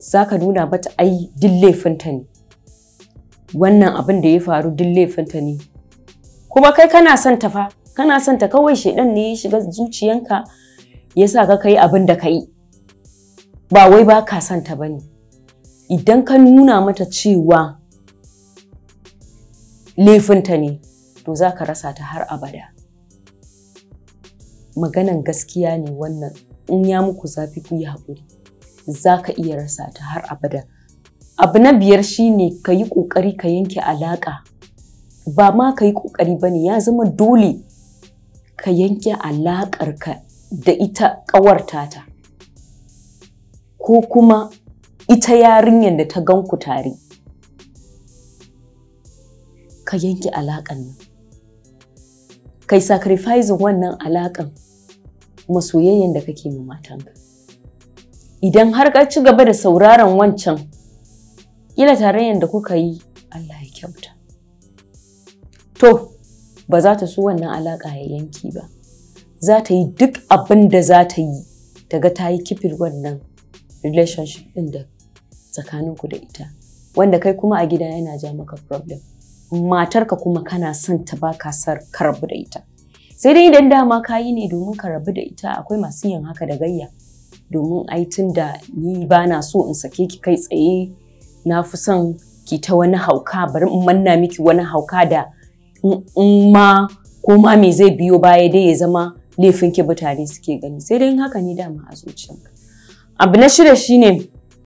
za ka nuna mata ai duk laifinta ne wannan abin da ya faru duk laifinta ne kuma kai kana son ta fa kana son ta kawai shedan ne ya shiga zuciyanka ya sa ka kai abin da ka yi ba wai ba ka son ta bane idan ka nuna mata cewa laifinta ne to za ka rasa ta har abada maganan gaskiya ne wannan in ya muku zafi ku yi haƙuri za ka iya rasa ta har abada. Abu na biyar shine ka yi ƙoƙari ka yanke alaƙa. Ba ma ka yi ƙoƙari ba ne ya zama dole ka yanke alaƙarka da ita ƙawarta tata. Ko kuma ita yarinyar da ta ganku tare. Ka yanke alaƙan nan. Kai sacrificing wannan alaƙan masoyayyen da kake ma matanka. idan har ka ci gaba da sauraron wancan kila tarayyar da kuka yi Allah ya kyauta to ba za ta so wannan alaƙa ya yanki ba za ta yi duk abin da za ta yi daga ta yi kifin wannan relationship ɗin da tsakaninku da ita wanda kai kuma a gida yana ja maka problem matarka kuma kana son ta baka ka sar ka rabu da ita sai dai idan dama ka yi ne domin ka rabu da ita akwai masu yin haka da gayya domin ai tun da ni ba na so in sake ki kai tsaye na fi son ki ta wani hauka bari in manna miki wani hauka da in ma ko ma me zai biyo baya dai ya zama laifin ki mutane suke gani sai dai in haka ne dama a zuciyanka abu na shida shine